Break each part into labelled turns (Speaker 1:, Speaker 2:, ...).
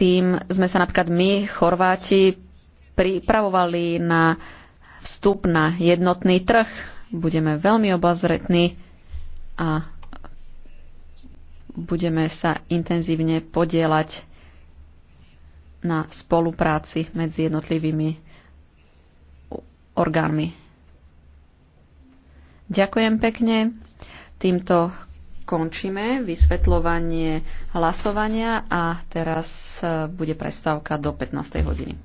Speaker 1: tým sme sa napríklad my, Chorváti, pripravovali na vstup na jednotný trh. Budeme veľmi obazretní a budeme sa intenzívne podielať na spolupráci medzi jednotlivými orgánmi. Ďakujem pekne. Týmto končíme vysvetľovanie hlasovania a teraz e, bude prestávka do 15. hodiny.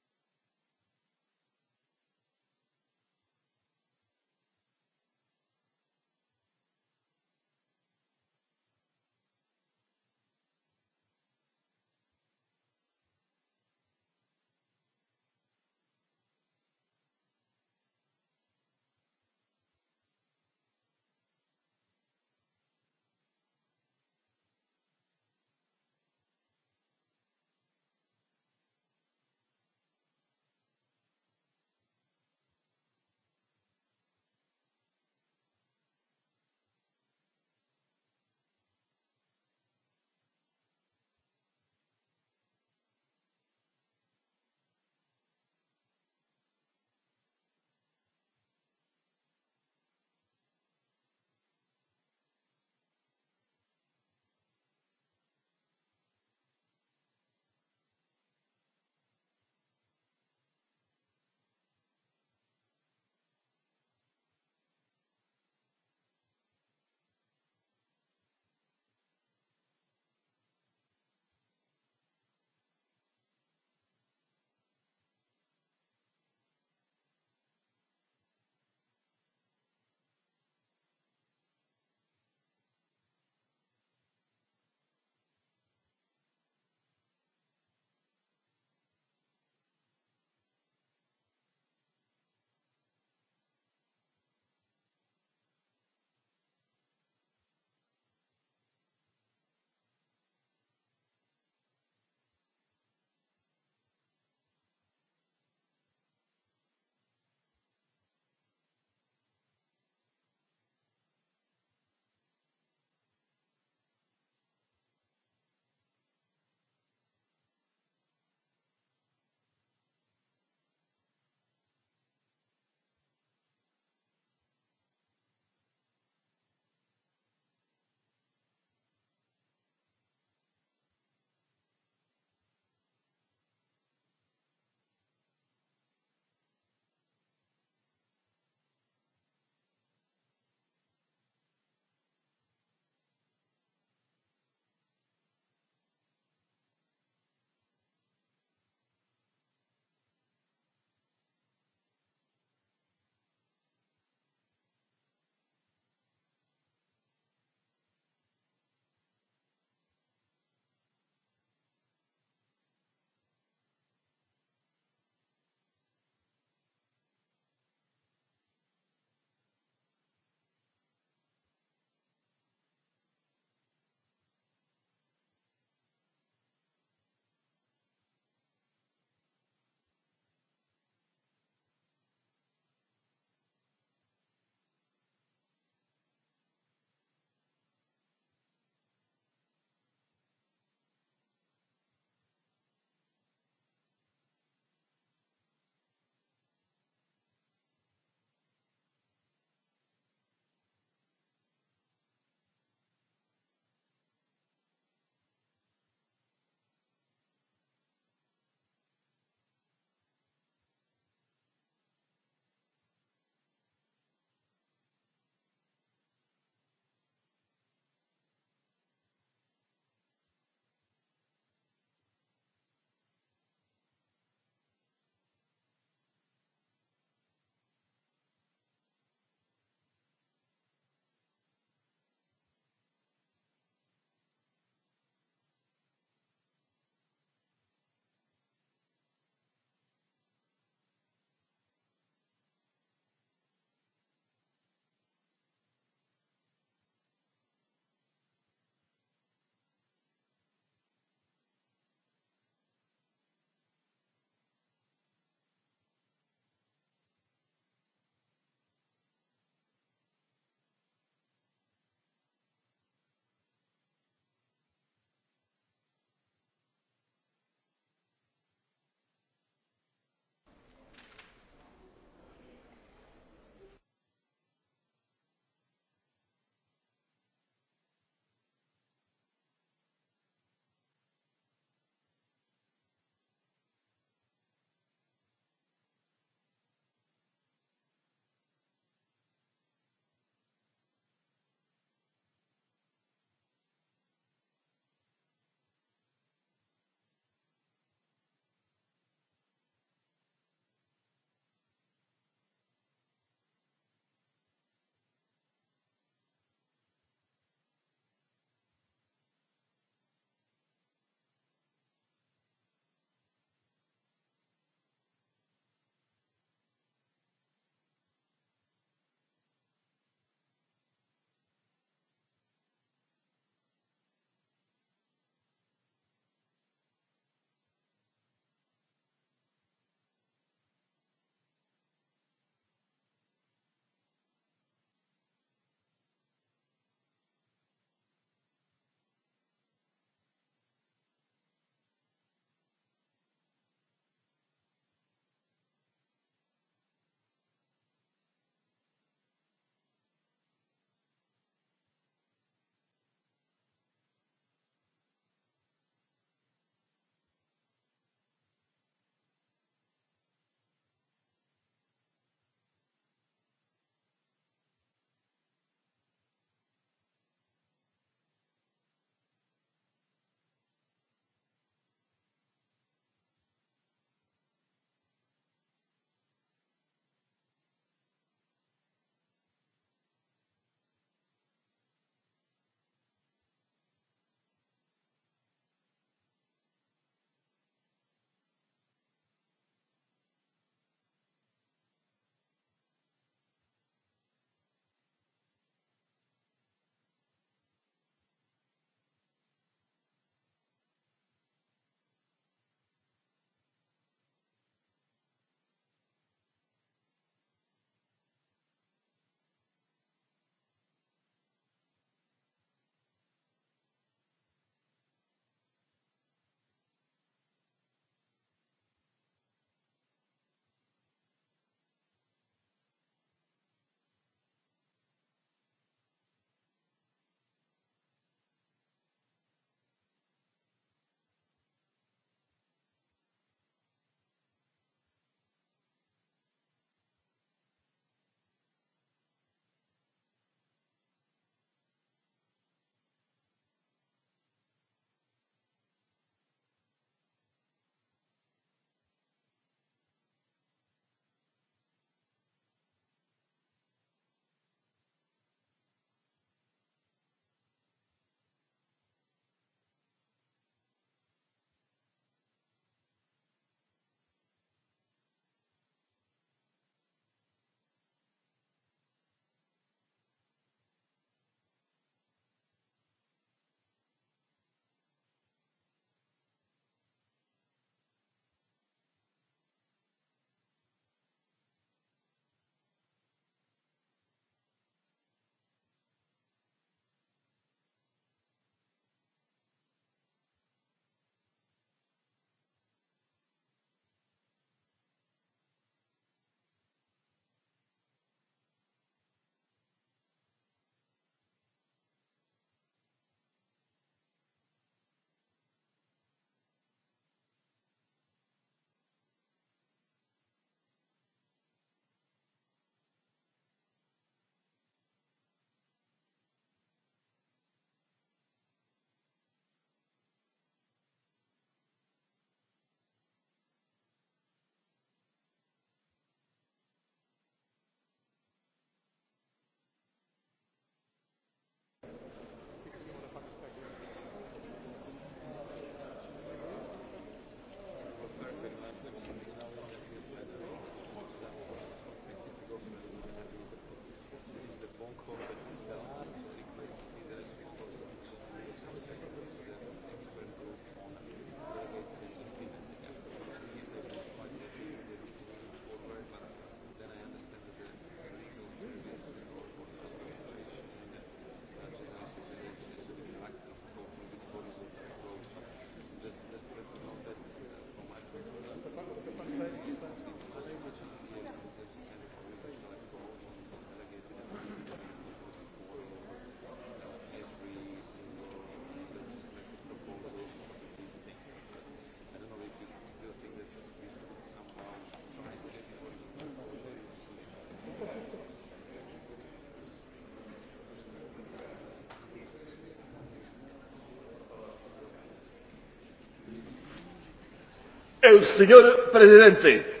Speaker 2: El señor presidente.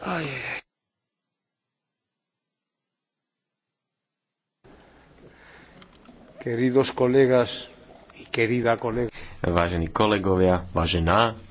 Speaker 2: Ay. Queridos colegas y querida colega.
Speaker 1: Vážení kolegovia, vážená